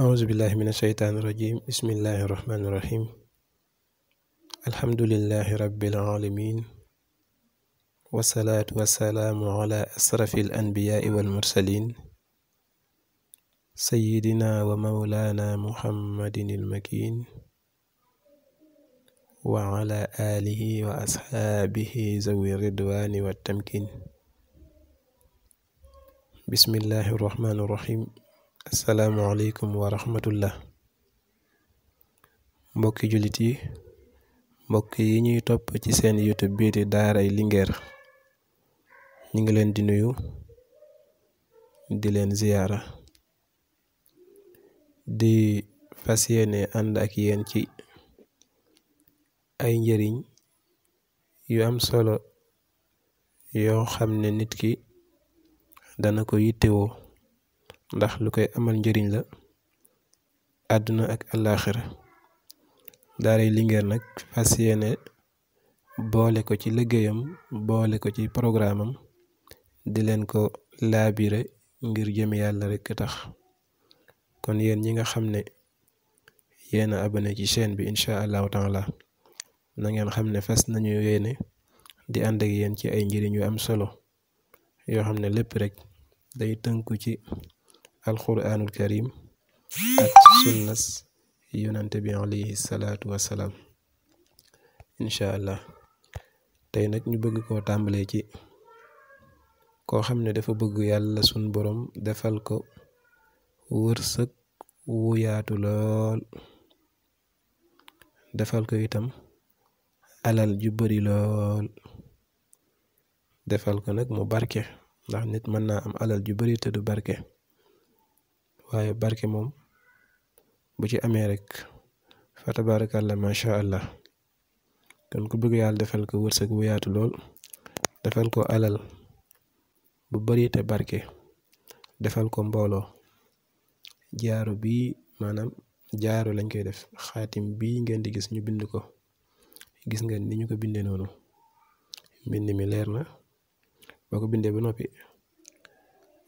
أعوذ بالله من الشيطان الرجيم بسم الله الرحمن الرحيم الحمد لله رب العالمين والصلاة والسلام على أشرف الأنبياء والمرسلين سيدنا ومولانا محمد المكين وعلى آله وأصحابه ذوي الرضوان والتمكين بسم الله الرحمن الرحيم assalamu alaykum wa rahmatullah mbokki julit yi mbokk yi ñuy topp ci seen youtube bii di daara ay lingeer ñi ngi leen di nuyu di leen ziyaara di fas yéene ànd ak yéen ci ay njëriñ yu am solo yoo xam ne nit ki dana ko yittewoo ndax lu koy amal njariñ la àdduna ak àllaaxira daaray Linguère nag fas yéene boole ko ci liggéeyam boole ko ci programme di leen ko laabire ngir jëm yàlla rekk tax kon yéen ñi nga xam ne yéen a abonné ci chaîne bi incha allahu taala na ngeen xam ne fas nañu yéene di ànd ak yéen ci ay njëriñ yu am solo yoo xam ne lépp rek day tënku ci القرآن الكريم السنة yonante bi alayhi salaatu wasalaam incha allah tey nag ñu bëgg koo tàmbalee ci koo xam ne dafa bëgg yàlla sun borom defal ko wërsëg wu yaatu lool defal ko itam alal ju bari lool defal ko nag mu barke ndax nit mën naa am alal ju bari te du barke waaye barke moom bu ci amee rek fa tabaarakàlla macha allah kon ku bëgg yàlla defal ko wërsëg bu yaatu lool defal ko alal bu bari te barke defal ko mbooloo jaaro bi maanaam jaaro lañ koy def xaatim bi ngeen di gis ñu bind ko gis nga ni ñu ko bindee noonu mbind mi leer na boo ko bindee ba noppi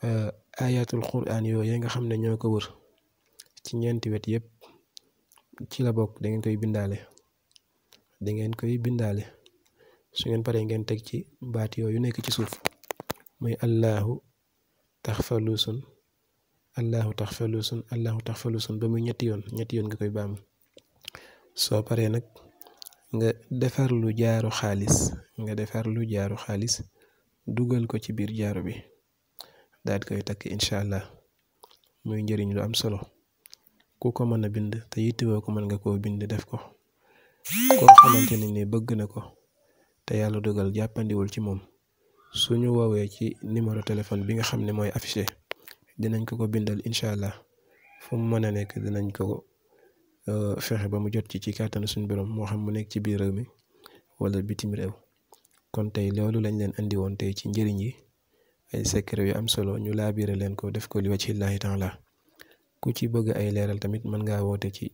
Eh, ayatul quran yooyu nga xam ne ñoo ko wër ci ñeenti wet yépp ci la bokk dangeen koy bindaale dangeen koy bindaale su ngeen paree ngeen teg ci baat yooyu nekk ci suuf muy allahu taxfalusun allahu tax allahu sun ba muy ñetti yoon ñetti yoon nga koy baamu soo paree nag nga defar lu jaaro xaalis nga defar lu jaaru xaalis dugal ko ci biir jaaro bi daal di koy takk incha allah muy njëriñ lu am solo ku ko mën a bind te yittewoo ko mën nga koo bind def ko koo xamante ni bëgg na ko te yàlla dogal jàppandiwul ci moom su ñu woowee ci numéro téléphone bi nga xam ne mooy affiché dinañ ko ko bindal incha allah fu mën a nekk dinañ ko euh, fexe ba mu jot ci ci kàttanu suñu birom moo xam mu nekk ci biir réew mi walla bitim réew kon tey loolu lañ leen andi woon tey ci njëriñ yi. ay secret yu am solo ñu laabiire leen ko def ko li wacci Illaahi taala ku ci bëgg ay leeral tamit mën ngaa woote ci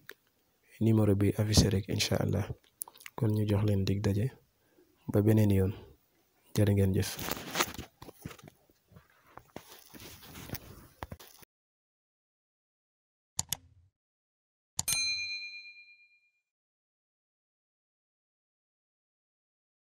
numéro bi affiché rek incha allah kon ñu jox leen dig daje ba beneen yoon jërë ngeen jëf.